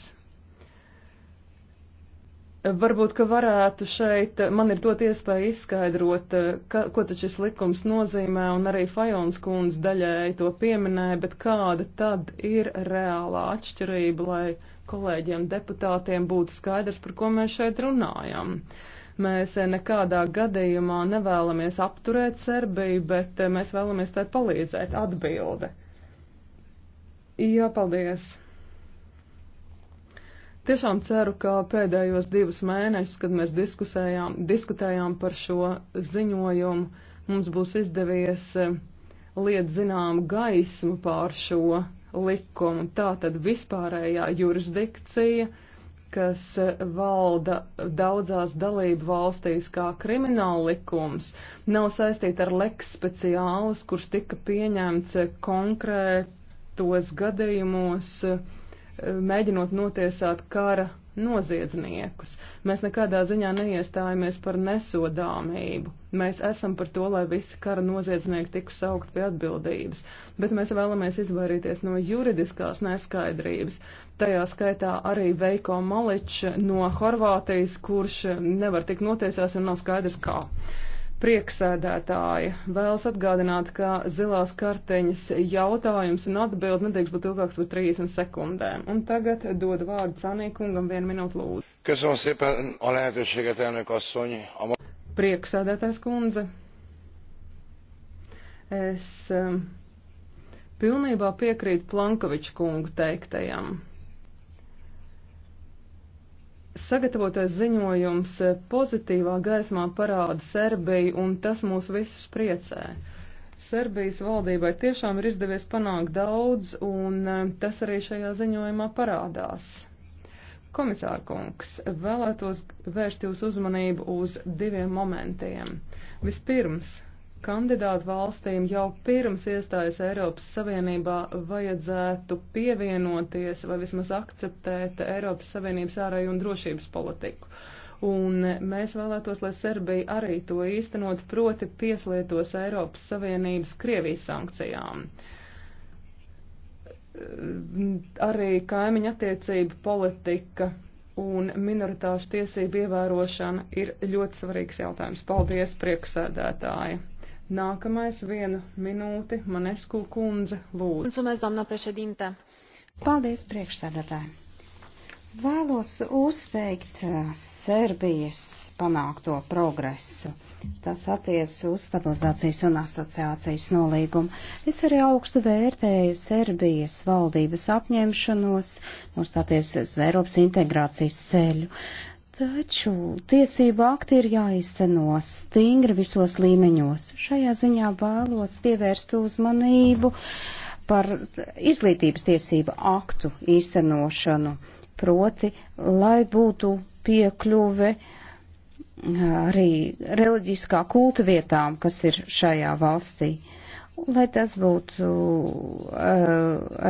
Varbūt, ka varētu šeit, man ir dot iespēju izskaidrot, ka, ko tad šis likums nozīmē, un arī Fajons kundze daļēji to pieminēja, bet kāda tad ir reālā atšķirība, lai kolēģiem deputātiem būtu skaidrs, par ko mēs šeit runājam. Uh, Mēs nekādā gadījumā nevēlamies apturēt Serbiju, bet mēs vēlamies tai palīdzēt. Atbilde. Jā, paldies. Tiešām ceru, ka pēdējos divus mēnešus, kad mēs diskutējām par šo ziņojumu, mums būs izdevies eh, liet zinām gaismu pār šo likumu. Tā tad vispārējā jurisdikcija kas valda daudzās dalību valstīs kā krimināla likums, nav saistīta ar leks speciālis, kurš tika pieņemts konkrētos gadījumos, mēģinot notiesāt kara noziedzniekus. Mēs nekādā ziņā neiestājamies par nesodāmību. Mēs esam par to, lai visi kara noziedznieki tiktu saukt pie atbildības, bet mēs vēlamies izvairīties no juridiskās neskaidrības. Tajā skaitā arī Veiko Malič no Horvātijas, kurš nevar tikt notiesās un nav skaidrs kā. Prieksēdētāji vēlas atgādināt, ka zilās karteņas jautājums un atbild nedrīkst būt ilgāks par 30 sekundēm. Un tagad dod vārdu Canīkungam vienu minūtu lūdzu. Köszönöm szépen a lehetőséget, elnök asszony. A... Prieksēdētājs kundze. Es um, pilnībā piekrītu Plankoviča kungu teiktajam. Sagatavotais ziņojums eh, pozitīvā gaismā parāda Serbiju, un tas mūs visus priecē. Serbijas valdībai tiešām ir izdevies panākt daudz, un eh, tas arī šajā ziņojumā parādās. Komisārkungs, vēlētos vērst jūs uzmanību uz diviem momentiem. Vispirms, kandidātu valstīm jau pirms iestājas Eiropas Savienībā vajadzētu pievienoties vai vismaz akceptēt Eiropas Savienības ārēju un drošības politiku. Un mēs vēlētos, lai Serbija arī to īstenot, proti pieslietos Eiropas Savienības Krievijas sankcijām. Arī kaimiņa attiecība politika un minoritāšu tiesību ievērošana ir ļoti svarīgs jautājums. Paldies, prieksēdētāji! Nākamais vienu minūti Manesku kundze lūdzu. Mulțumesc, doamna președinte. Paldies, priekšsēdētāji. Vēlos uzteikt uh, Serbijas panākto progresu. Tas attiec uz stabilizācijas un asociācijas nolīgumu. Es arī augstu vērtēju Serbijas valdības apņemšanos nostāties uz Eiropas integrācijas ceļu. Uh, Taču tiesību akti ir jāizteno stingri visos līmeņos. Šajā ziņā vēlos pievērst uzmanību par izglītības tiesību aktu īstenošanu, proti, lai būtu piekļuve arī reliģiskā kulta vietām, kas ir šajā valstī. Lai tas būtu uh,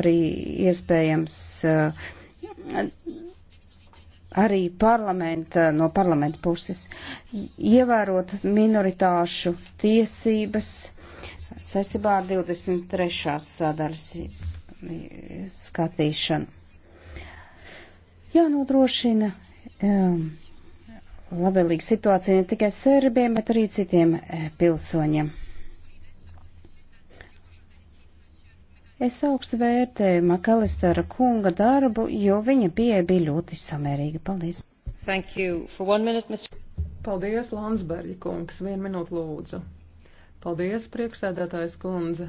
arī iespējams uh, arī parlamenta, no parlamenta puses, ievērot minoritāšu tiesības saistībā ar 23. sadaļas skatīšanu. Jānodrošina um, labvēlīga situācija ne tikai serbiem, bet arī citiem eh, pilsoņiem. Es augstu vērtēju Makalistera kunga darbu, jo viņa pieeja bija ļoti samērīga. Paldies! Thank you. For one minute, Mr. Paldies, Landsbergi kungs. Vienu minūtu lūdzu. Paldies, prieksēdētājs kundze.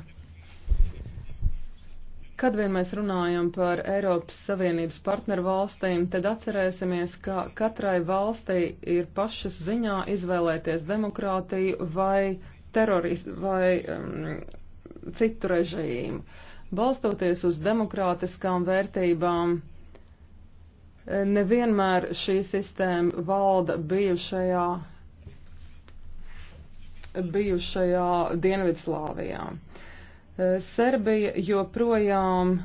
Kad vien mēs runājam par Eiropas Savienības partneru valstīm, tad atcerēsimies, ka katrai valstī ir pašas ziņā izvēlēties demokrātiju vai terorismu vai um, citu režīmu. Balstoties uz demokrātiskām vērtībām, nevienmēr šī sistēma valda bijušajā, bijušajā Dienvidslāvijā. Serbija joprojām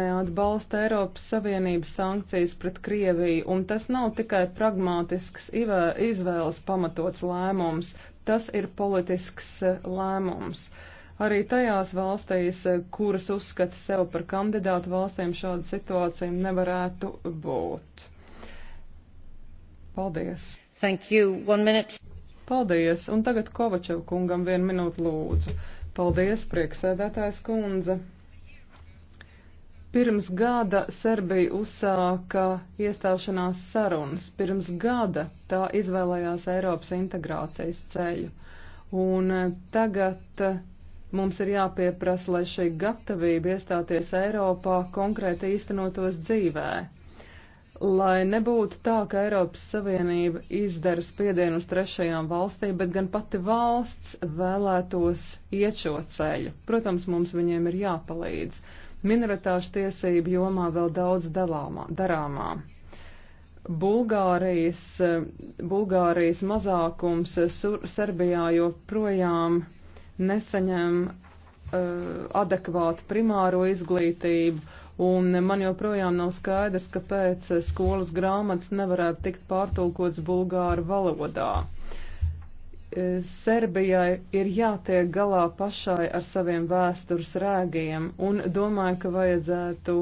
neatbalsta Eiropas Savienības sankcijas pret Krieviju, un tas nav tikai pragmātisks izvēles pamatots lēmums, tas ir politisks lēmums. Uh, Arī tajās valstīs, eh, kuras uzskata sev par kandidātu valstīm, šāda situācija nevarētu būt. Paldies! Thank you. One minute. Paldies! Un tagad Kovačev kungam vienu minūtu lūdzu. Paldies, prieksēdētājs kundze! Pirms gada Serbija uzsāka iestāšanās sarunas, pirms gada tā izvēlējās Eiropas integrācijas ceļu, un eh, tagad Mums ir jāpieprasa, lai šī gatavība iestāties Eiropā konkrēti īstenotos dzīvē. Lai nebūtu tā, ka Eiropas Savienība izdara spiedienu uz trešajām valstīm, bet gan pati valsts vēlētos iet šo ceļu. Protams, mums viņiem ir jāpalīdz. Minoritāšu tiesību jomā vēl daudz dalāmā, darāmā. Bulgārijas, Bulgārijas mazākums Serbijā joprojām nesaņem uh, adekvātu primāro izglītību, un man joprojām nav skaidrs, kāpēc skolas grāmatas nevarētu tikt pārtulkots bulgāru valodā. Uh, Serbijai ir jātiek galā pašai ar saviem vēstures rēgiem, un domāju, ka vajadzētu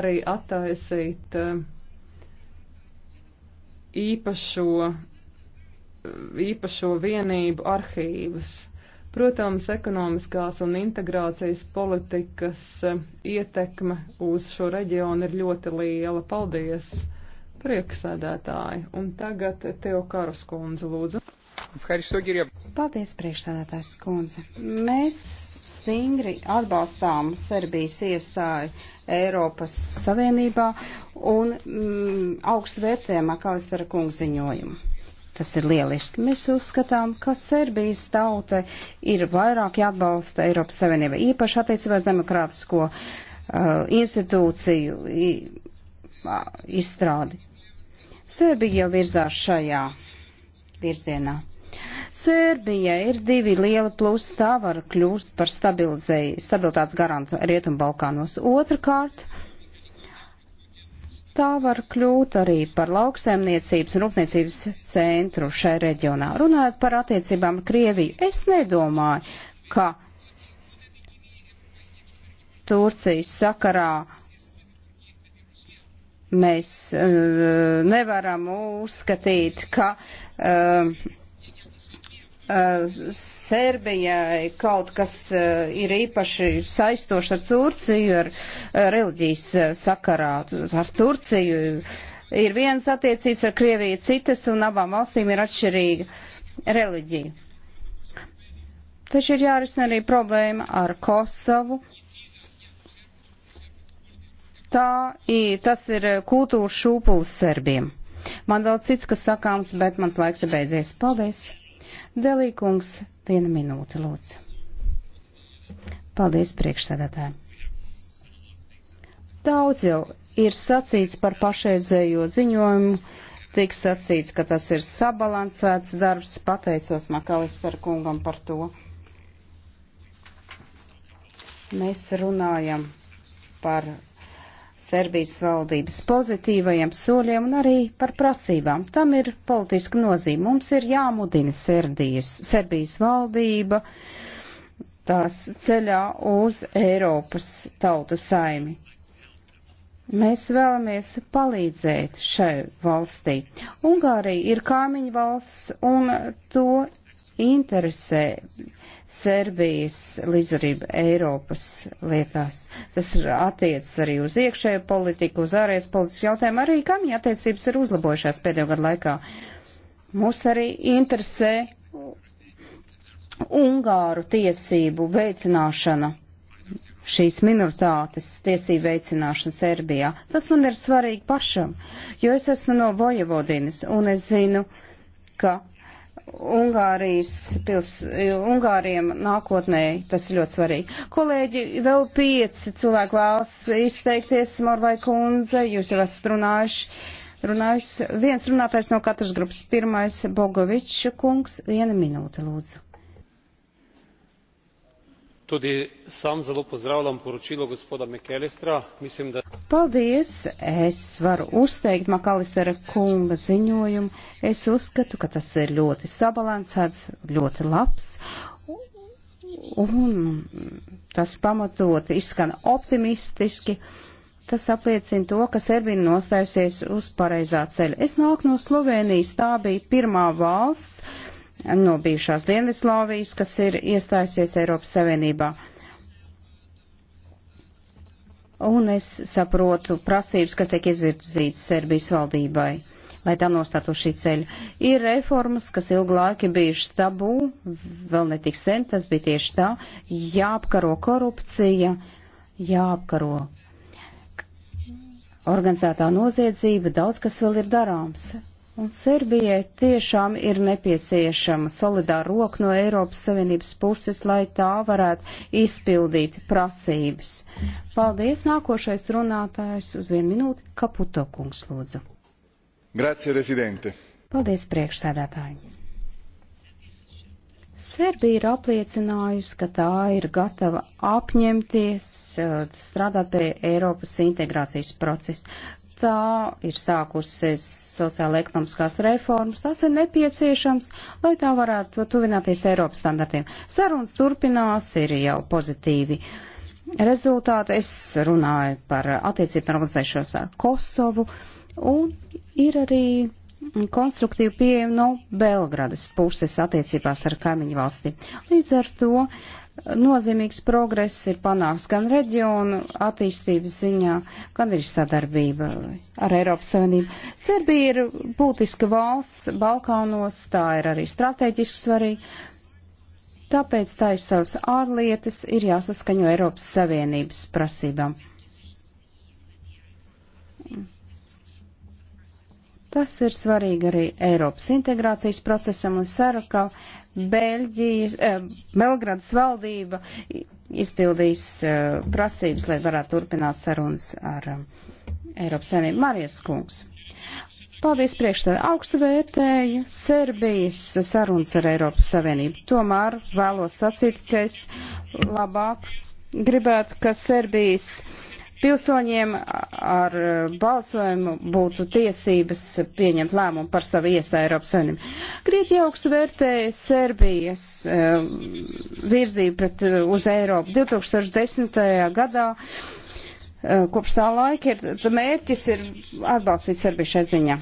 arī attaisīt uh, īpašo, uh, īpašo vienību arhīvus. Protams, ekonomiskās un integrācijas politikas e, ietekme uz šo reģionu ir ļoti liela. Paldies, prieksēdētāji. Un tagad tev karas kundze, lūdzu. Paldies, priekšsēdētājs kundze. Mēs stingri atbalstām Serbijas iestāju Eiropas Savienībā un mm, augstu vērtējam Akalistara kungu ziņojumu. Tas ir lieliski. Mēs uzskatām, ka Serbijas tauta ir vairāk jāatbalsta Eiropas Savienība, īpaši attiecībās demokrātisko uh, institūciju izstrādi. Serbija jau virzās šajā virzienā. Sērbija ir divi lieli plusi, tā var kļūst par stabilitātes garantu Rietumbalkānos. Otrakārt, uh, Tā var kļūt arī par lauksēmniecības un rūpniecības centru šai reģionā. Runājot par attiecībām Krieviju, es nedomāju, ka Turcijas sakarā mēs uh, nevaram uzskatīt, ka uh, Eh, Serbijai kaut kas eh, ir īpaši saistošs ar Turciju, ar eh, reliģijas sakarā ar Turciju. Ir viens attiecības ar Krieviju, citas un abām valstīm ir atšķirīga reliģija. Taču ir jārisina arī problēma ar Kosovu. Tā, tas ir kultūras šūpulis serbiem. Man vēl cits, kas sakāms, bet mans laiks ir beidzies. Paldies! Delīkungs, viena minūte, lūdzu. Paldies, priekšsēdētāji. Daudz jau ir sacīts par pašreizējo ziņojumu, tik sacīts, ka tas ir sabalansēts darbs, pateicos Makalistar kungam par to. Mēs runājam par Serbijas valdības pozitīvajiem soļiem un arī par prasībām. Tam ir politiska nozīme. Mums ir jāmudina Serbijas, Serbijas valdība tās ceļā uz Eiropas tautu saimi. Mēs vēlamies palīdzēt šai valstī. Ungārija ir kaimiņu valsts un to interesē Serbijas līdzdarība Eiropas lietās. Tas attiecas arī uz iekšējo politiku, uz ārējas politikas jautājumu, arī kam attiecības ir uzlabojušās pēdējo gadu laikā. Mūs arī interesē Ungāru tiesību veicināšana, šīs minoritātes tiesību veicināšana Serbijā. Tas man ir svarīgi pašam, jo es esmu no Vojevodinas un es zinu, ka Ungārijas pils, Ungāriem nākotnē tas ir ļoti svarīgi. Kolēģi, vēl pieci cilvēki vēlas izteikties, Morlai kundze, jūs jau esat runājuši. Runājis viens runātājs no katras grupas. Pirmais Bogovičs kungs, viena minūte lūdzu. Tudi sam zelo pozdravljam poročilo gospoda McAllistera. Mislim, da... Paldies! Es varu uzteikt McAllistera kunga ziņojumu. Es uzskatu, ka tas ir ļoti sabalansēts, ļoti labs. Un tas pamatot izskan optimistiski. Tas apliecina to, ka Serbija nostājusies uz pareizā ceļa. Es nāku no Slovenijas, tā bija pirmā valsts no bijušās Dienvidslāvijas, kas ir iestājusies Eiropas Savienībā. Un es saprotu prasības, kas tiek izvirzītas Serbijas valdībai lai tā nostātu šī ceļa. Ir reformas, kas ilgu laiku bijušas tabū, vēl netik sen, tas bija tieši tā, jāapkaro korupcija, jāapkaro organizētā noziedzība, daudz kas vēl ir darāms. Un Serbijai tiešām ir nepieciešama solidāra roka no Eiropas Savienības puses, lai tā varētu izpildīt prasības. Paldies, nākošais runātājs uz vienu minūti, Kaputo kungs lūdzu. Grazie, rezidente. Paldies, priekšsēdētāji. Serbija ir apliecinājusi, ka tā ir gatava apņemties eh, strādāt pie Eiropas integrācijas procesa tā ir sākusies sociāla ekonomiskās reformas, tas ir nepieciešams, lai tā varētu tuvināties Eiropas standartiem. Sarunas turpinās, ir jau pozitīvi. Rezultāti es runāju par attiecību normalizēšanos ar Kosovu un ir arī konstruktīva pieeja no Belgradas puses attiecībās ar kaimiņu valsti. Līdz ar to Nozīmīgs progress ir panāks gan reģionu attīstības ziņā, gan ir sadarbība ar Eiropas Savienību. Serbija ir būtiska valsts Balkānos, tā ir arī strateģiski svarīga. Tāpēc tā ir savas ārlietas, ir jāsaskaņo Eiropas Savienības prasībām. Tas ir svarīgi arī Eiropas integrācijas procesam un ceru, ka Beļģijas, eh, Belgradas valdība izpildīs eh, prasības, lai varētu turpināt sarunas ar eh, Eiropas senību. Marijas kungs. Paldies priekšstādā. Augstu vērtēju Serbijas sarunas ar Eiropas Savienību. Tomēr vēlos sacīt, ka es labāk gribētu, ka Serbijas pilsoņiem ar eh, balsojumu būtu tiesības pieņemt lēmumu par savu iestāju Eiropas Savienību. Grieķija augstu vērtēja Serbijas eh, virzību pret eh, uz Eiropu 2010. gadā. Kopš tā laika ir, mērķis ir atbalstīt Serbiju šai ziņā.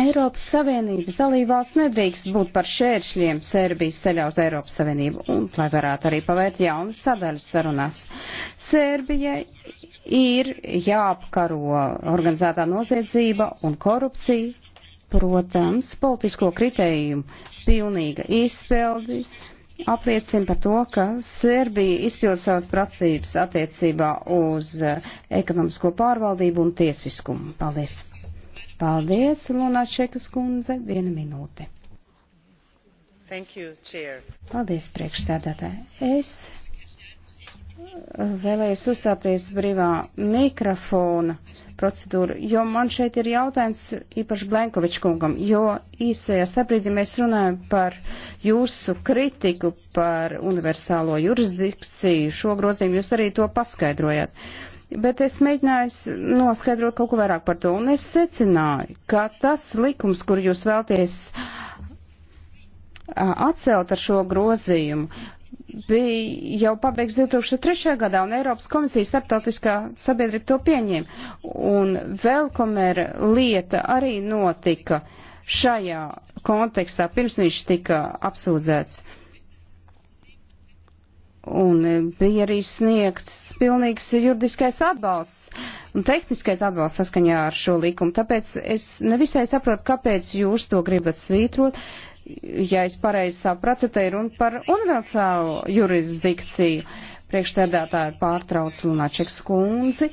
Eiropas Savienības dalībvalsts nedrīkst būt par šēršļiem Serbijas ceļā uz Eiropas Savienību, un lai varētu arī pavērt jaunas sadaļas sarunās. Serbija ir jāapkaro organizētā noziedzība un korupcija, protams, politisko kritējumu pilnīga izpildi apliecina par to, ka Serbija izpild savas prasības attiecībā uz eh, ekonomisko pārvaldību un tiesiskumu. Paldies! Paldies, Lunā Čekas kundze, viena minūte. Thank you, chair. Paldies, priekšstādātāji. Es vēlējos uzstāties brīvā mikrofona procedūru, jo man šeit ir jautājums īpaši Blenkovičs kungam, jo īsajā sabrīdī mēs runājam par jūsu kritiku par universālo jurisdikciju. Šo grozījumu jūs arī to paskaidrojat. Uh, bet es mēģināju noskaidrot kaut ko vairāk par to, un es secināju, ka tas likums, kur jūs vēlties atcelt ar šo grozījumu, bija jau pabeigts 2003. gadā, un Eiropas komisija starptautiskā sabiedrība to pieņēma. Un Velkomēra lieta arī notika šajā kontekstā, pirms viņš tika apsūdzēts. Un e, bija arī sniegts pilnīgs juridiskais atbalsts un tehniskais atbalsts saskaņā ar šo likumu. Tāpēc es nevisai saprotu, kāpēc jūs to gribat svītrot. Ja es pareizi sapratu, te ir runa par universālu jurisdikciju. Priekšsēdētāji pārtrauc Lunačeks kundzi.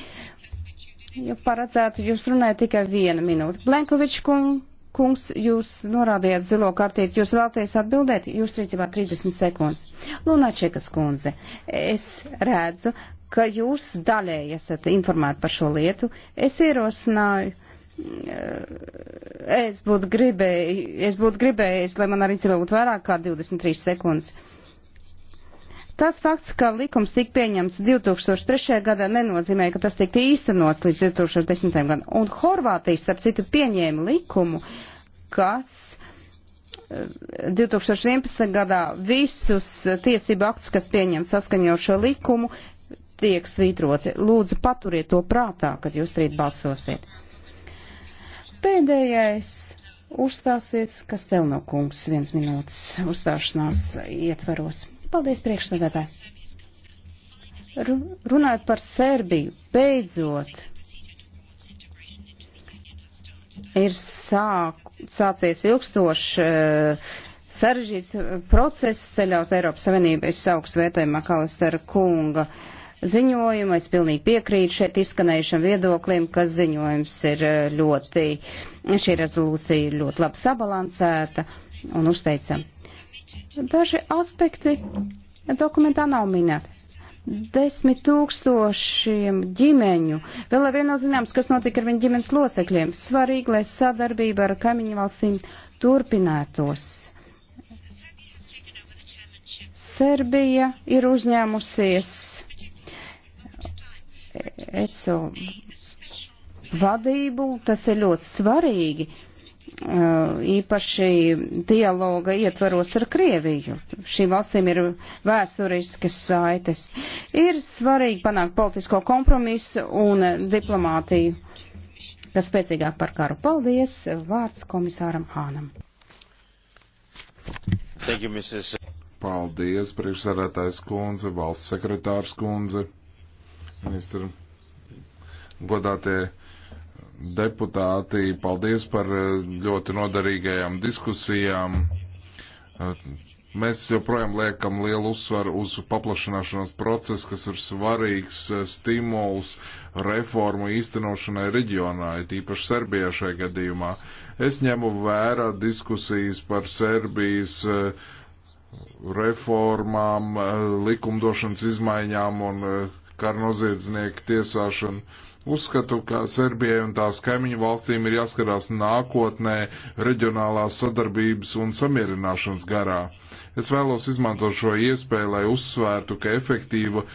Ja paredzētu, jūs runājat tikai vienu minūti. Blenkovičs kundze kungs, jūs norādījāt zilo kartīti, jūs vēlties atbildēt, jūs rīcībā 30 sekundes. Lunačekas kundze, es redzu, ka jūs daļēji esat informēti par šo lietu. Es ierosināju, eh, es būtu gribēju, es būtu gribējis, lai man arī cilvēku būtu vairāk kā 23 sekundes. Tas fakts, ka likums tika pieņemts 2003. gadā, nenozīmē, ka tas tika īstenots līdz 2010. gadam. Un Horvātija, starp citu, pieņēma likumu, kas 2011. Eh, gadā visus tiesību aktus, kas pieņem saskaņošo likumu, tiek svītroti. Lūdzu, paturiet to prātā, kad jūs rīt balsosiet. Pēdējais uzstāsies, kas tev no kungs viens minūtes uzstāšanās ietvaros. Paldies priekšstādātāji. Runājot par Serbiju, beidzot ir sāk, sācies ilgstošs uh, sarežģīts eh, process ceļā uz Eiropas Savienību. Es augstu vērtēju Makalistera kunga uh, ziņojumu. Es pilnīgi piekrītu šeit izskanējušam viedoklim, ka ziņojums ir eh, ļoti, šī rezolūcija ļoti labi sabalansēta un uzteicama. Daži aspekti dokumentā nav minēti. Desmit tūkstošiem ģimeņu. Vēl ar vienu zināms, kas notika ar viņu ģimenes locekļiem. Svarīgi, lai sadarbība ar kaimiņu valstīm turpinātos. Serbija ir uzņēmusies ECO vadību. Tas ir ļoti svarīgi, uh, īpaši dialoga ietvaros ar Krieviju. Šīm valstīm ir vēsturiskas saites. Ir svarīgi panākt politisko kompromisu un diplomātiju, kas spēcīgāk par karu. Paldies! Vārds komisāram Hānam. Thank you, Mrs. Paldies, priekšsarētājs kundze, valsts sekretārs kundze, ministra godātie deputāti, paldies par eh, ļoti noderīgajām diskusijām. Eh, mēs joprojām liekam lielu uzsvaru uz paplašināšanās procesu, kas ir svarīgs eh, stimuls reformu īstenošanai reģionā, it īpaši Serbijā šajā gadījumā. Es ņemu vērā diskusijas par Serbijas reformām, likumdošanas izmaiņām un karnoziedznieku tiesāšanu Uzskatu, ka Serbijai un tās kaimiņu valstīm ir jāskarās nākotnē reģionālās sadarbības un samierināšanas garā. Es vēlos izmantot šo iespēju, lai uzsvērtu, ka efektīva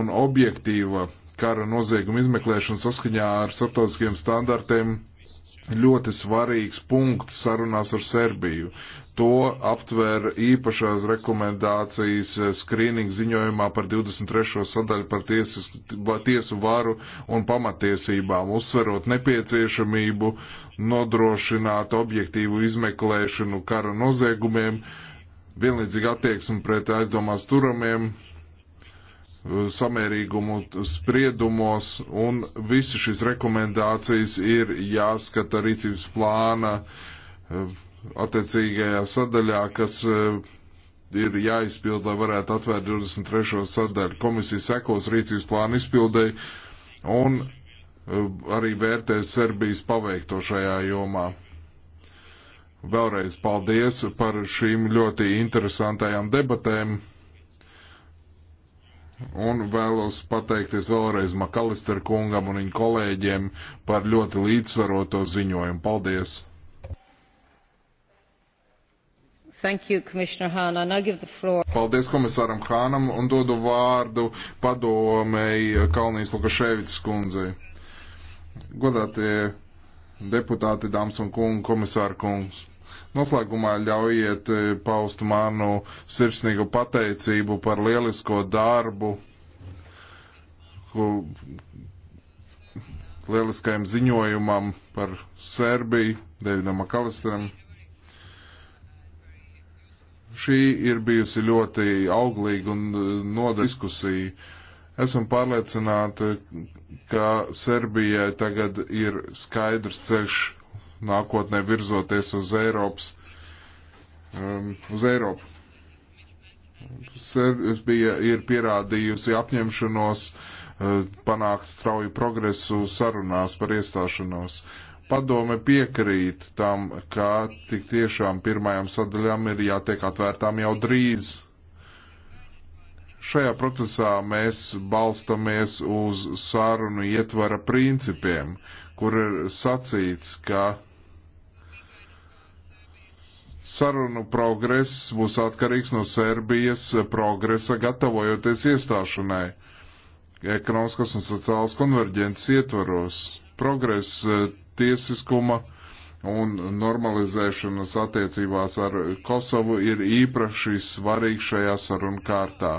un objektīva kara nozieguma izmeklēšana saskaņā ar starptautiskiem standartiem ļoti svarīgs punkts sarunās ar Serbiju. To aptver īpašās rekomendācijas skrīninga ziņojumā par 23. sadaļu par tiesas, tiesu varu un pamatiesībām, uzsverot nepieciešamību nodrošināt objektīvu izmeklēšanu kara noziegumiem, vienlīdzīgi attieksmi pret aizdomās turamiem samērīgumu spriedumos, un visi šīs rekomendācijas ir jāskata rīcības plāna eh, attiecīgajā sadaļā, kas eh, ir jāizpild, lai varētu atvērt 23. sadaļu. Komisija sekos rīcības plāna izpildēji un eh, arī vērtēs Serbijas paveikto šajā jomā. Vēlreiz paldies par šīm ļoti interesantajām debatēm un vēlos pateikties vēlreiz Makalister kungam un viņa kolēģiem par ļoti līdzsvaroto ziņojumu. Paldies! Thank you, Commissioner Hahn. I now give the floor. Paldies komisāram Hānam un dodu vārdu padomēji Kalnijas Lukaševicas kundzei. Godātie deputāti, dāmas un kungi, komisāra kungs. Noslēgumā ļaujiet e, paust manu sirsnīgu pateicību par lielisko darbu, lieliskajam ziņojumam par Serbiju, Davidam Makalisteram. Šī ir bijusi ļoti auglīga un e, noda diskusija. Esam pārliecināti, ka Serbijai tagad ir skaidrs ceļš nākotnē virzoties uz Eiropas, um, uz Eiropu. Serbija ir pierādījusi apņemšanos uh, panākt strauju progresu sarunās par iestāšanos. Padome piekrīt tam, ka tik tiešām pirmajām sadaļām ir jātiek atvērtām jau drīz. Šajā procesā mēs balstamies uz sarunu ietvara principiem, kur ir sacīts, ka Sarunu progress būs atkarīgs no Serbijas progresa gatavojoties iestāšanai ekonomiskās un sociālās konverģences ietvaros. Progress e, tiesiskuma un normalizēšanas attiecībās ar Kosovu ir īpaši svarīgs šajā sarunu kārtā.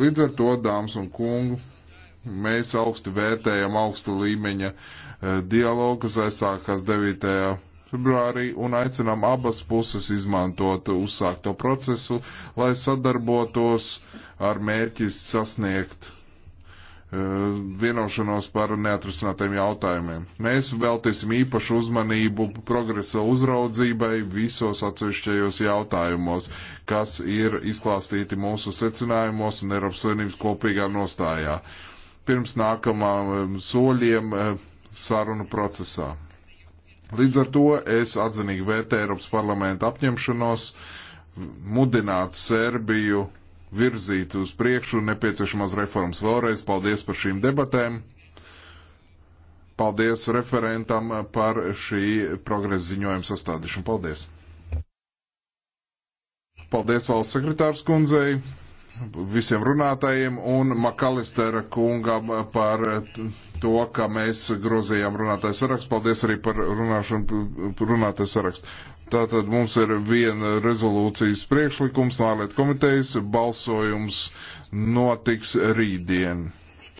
Līdz ar to, dāmas un kungi, mēs augstu vērtējam augstu līmeņa e, dialogu, kas aizsākās 9 februārī un aicinām abas puses izmantot uzsākto procesu, lai sadarbotos ar mērķis sasniegt e, vienošanos par neatrisinātiem jautājumiem. Mēs veltīsim īpašu uzmanību progresa uzraudzībai visos atsevišķajos jautājumos, kas ir izklāstīti mūsu secinājumos un Eiropas Savienības kopīgā nostājā. Pirms nākamā soļiem e, sarunu procesā. Līdz ar to es atzinīgi vērtēju Eiropas parlamenta apņemšanos mudināt Serbiju virzīt uz priekšu nepieciešamās reformas. Vēlreiz paldies par šīm debatēm. Paldies referentam par šī progresa ziņojuma sastādīšanu. Paldies! Paldies valsts sekretārs kundzei, visiem runātājiem un Makalistera kungam par to, ka mēs grozījām runātāju sarakstu. Paldies arī par runāšanu runātāju sarakstu. Tātad mums ir viena rezolūcijas priekšlikums no ārlietu komitejas. Balsojums notiks rītdien.